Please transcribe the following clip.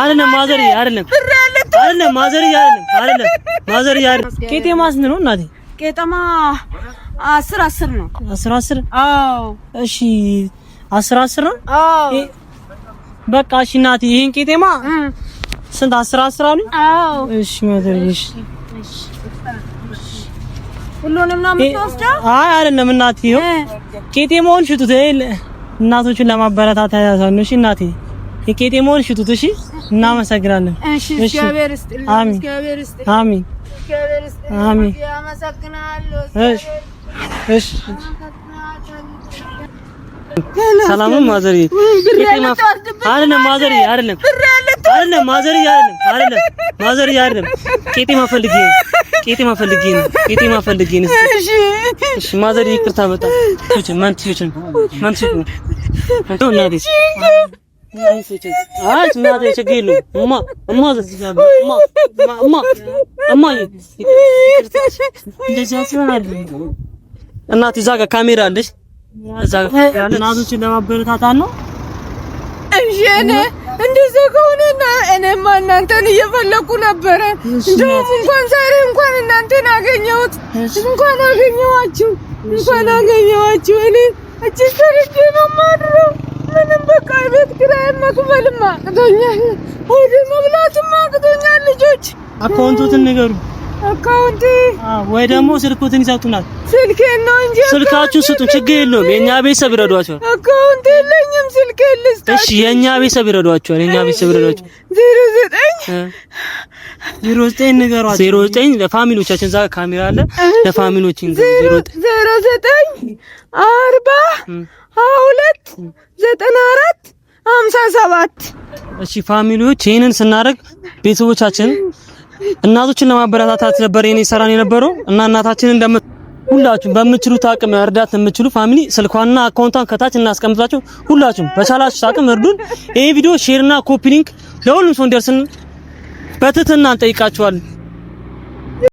አይደለም ማዘር አይደለም አይደለም ማዘር አይደለም አይደለም ማዘር አይደለም። ቄጤማ ስንት ነው እናቴ? ቄጤማ በቃ እሺ እናቴ ይሄን ቄጤማ ስንት አስር አስር አሉ። አዎ እሺ ማዘር እሺ ሁሉንም ነው የምትወስደው? አይ አይደለም እናቴ፣ ይኸው ቄጤማውን ሽጡት። እናቶችን ለማበረታታት ያሳነሽ እናቴ የቄጤማውን ሽቱ እሺ። እናመሰግናለን። እሺ፣ እግዚአብሔር ይስጥልኝ። አሜን፣ አሜን፣ አሜን። እሺ፣ እሺ። ሰላሙን ማዘርዬ አይደለም፣ ማዘርዬ ነው፣ ቄጤማ እናት እዛ ጋር ካሜራ አለች። እናቶችን ለማበረታታት ነው። እሺ እኔ እንደዚያ እኔማ እናንተን እየፈለኩ ነበረ። እንደውም እንኳን ዛሬ እንኳን እናንተን አገኘሁት። እንኳን አገኘኋችሁ፣ እንኳን አገኘኋችሁ። እኔ ነው የማድረው አባቱ አቅቶኛል። ሆዴ መብላትማ አቅቶኛል። ልጆች አካውንቱን ንገሩ። አካውንት ወይ ደግሞ ስልኩትን ይሰጡናል። ስልኬን ነው እንጂ ስልካችሁን ስጡን፣ ችግር የለውም። የኛ ቤተሰብ ይረዷቸዋል። አካውንት የለኝም፣ ስልኬን ልስጣችሁ። እሺ፣ የኛ ቤተሰብ ይረዷቸዋል። የኛ ቤተሰብ ይረዷቸዋል። ዜሮ ዘጠኝ ዜሮ ዘጠኝ ንገሯቸው። ዜሮ ዘጠኝ ለፋሚሊዎቻችን፣ እዛ ካሜራ አለ ለፋሚሊዎችን ዜሮ ዘጠኝ አርባ ሁለት ዘጠና አራት ሰባት እሺ ፋሚሊዎች ይህንን ስናደርግ ቤተሰቦቻችን እናቶችን ለማበረታታት ነበር የኔ ሰራን የነበረው እና እናታችን እንደም ሁላችሁም በምችሉት አቅም እርዳት የምችሉ ፋሚሊ ስልኳና አካውንቷን ከታች እናስቀምጣችሁ። ሁላችሁም በቻላችሁ አቅም እርዱን። ይሄ ቪዲዮ ሼርና ኮፒ ሊንክ ለሁሉም ሰው እንዲደርስን በትህትና እንጠይቃችኋለን።